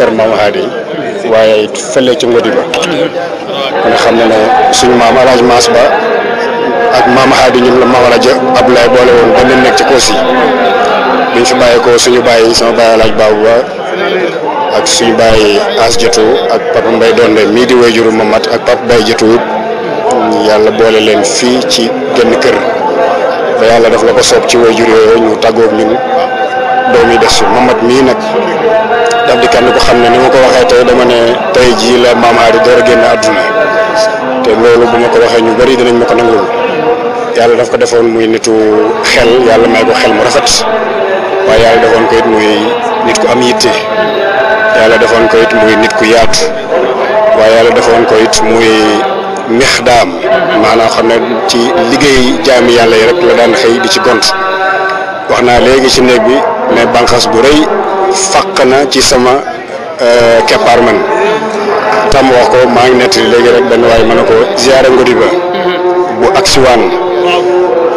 kër maam waaye it fële ci Ngodiba nga xam ne ne suñu maam arrangement ba ak maam Hady ñun la maam rajo Abdoulaye boole woon ba nekk ci Kossy biñ fi bàyyeekoo suñu bàyyi sama bàyyi laaj baabu ba ak suñu bàyyi as jëtu ak papa Mbaye Donde mii di wéyjuru Mamat ak papa Baye jëtu yàlla boole leen fii ci genn kër ba yàlla daf la ko soob ci wéyjur yooyu ñu tàggoog ñun. doom yi des mamat mii nag daf di kenn ko xam ne ni ma ko waxee tey dama ne tey jii la maam aadi door a génn àdduna te loolu bu ma ko waxee ñu bëri dinañ ma ko nangul yàlla daf ko defoon muy nitu xel yàlla may ko xel rafet waaye yàlla defoon ko it muy nit ku am yitte yàlla defoon ko it muy nit ku yaatu waaye yàlla defoon ko it muy mixdaam maanaa xam ne ci liggéey jaami yàlla yi rek la daan xëy di ci gont wax naa léegi ci néeg bi mais bànqaas bu rëy fàq na ci sama euh, keppaar man tam wax ko maa ngi nettali léegi rek benn waaye ma ne ko ziyaara ngodi ba bu aksiwaan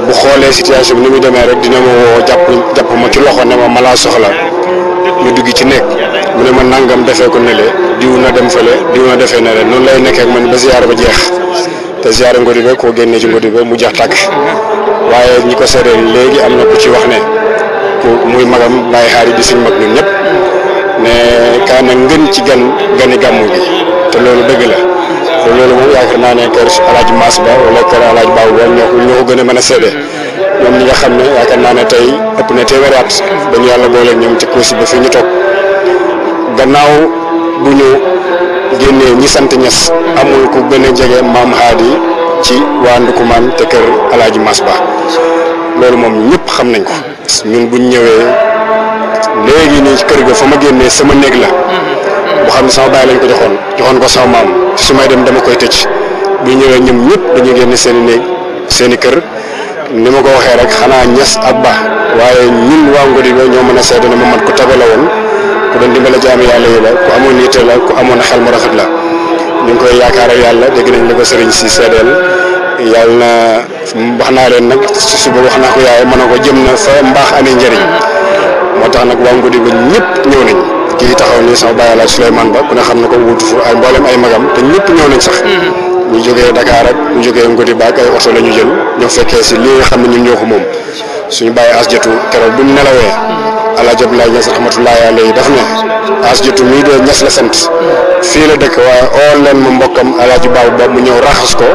bu xoolee situation bi ni muy demee rek dina ma woo jàpp jàpp ma ci loxo ne ma ma laa soxla ñu dugg ci nekk mu ne ma nangam defee ko nele diw na dem fële diw na defee nele noonu lay nekkee ak man ba ziyaara ba jeex te ziyaara ngodi ba koo génnee ci ngodi ba mu jeex tàkk waaye ñi ko seedeel léegi am na ku ci wax ne muy magam baye hari di sin mag ñun né ne na ngeen ci gan gani gamu bi té loolu bëgg la te loolu mo yaakaar na né kër alaaji mass ba wala kër alaaji baabu ba ñoo ko ñoo gëna mëna sédé ñom ñi nga xamné ne na né tay ëpp na té wéraat ba ñu boole ñom ci kursi ba fi ñu tok gannaaw bu ñu ñi sant ñess amul ku gëna jégé mam hadi ci waa man te kër alaaji mass ba loolu mom ñëpp xam nañ ko ñun buñ ñëwee léegi nii kër ga fa ma génnee sama néeg la mm-hmm. bu xam ne sama baay lañ ko joxoon joxoon ko sama maam su may dem dama koy tëj bu ñëwee ñoom ñëpp dañuy génn seen néeg seen i kër ni ma ko waxee rek xanaa ñes ak ba waaye ñun waa Ngodi ba ñoo mën a seede ne ma man ku tabe la woon ku doon dimbale jaami yàlla yi la ku amoon yitte la ku amoon xel mu rafet la ñu ngi koy yaakaar yàlla dégg nañ la ko sëriñ si seedeel yàlla na wax naa leen nag si suba wax naa ko yaay ma ne ko jëm na sa mbaax amee njëriñ moo tax nag waa Ngodi ba ñëpp ñëw nañ kii taxaw nii sama bàyyi laaj Ba ku ne xam na ko wutu ay mboolem ay magam te ñëpp ñëw nañ sax. Mm-hmm. ñu jógee Dakar ak ñu jógee Ngodi ba ak oto la ñu jël ñoo fekkee si lii nga xam ne ñun ñoo ko moom suñu bàyyi as jotu keroog bu mu nelawee. Mm-hmm. Alaaji Abdoulaye Niass rahmatullahi alayhi daf ne as jotu mii doo Niass la sant. Mm-hmm. fii la dëkk waaye oo leen ma mbokkam Alaaji ba mu ñëw raxas ko.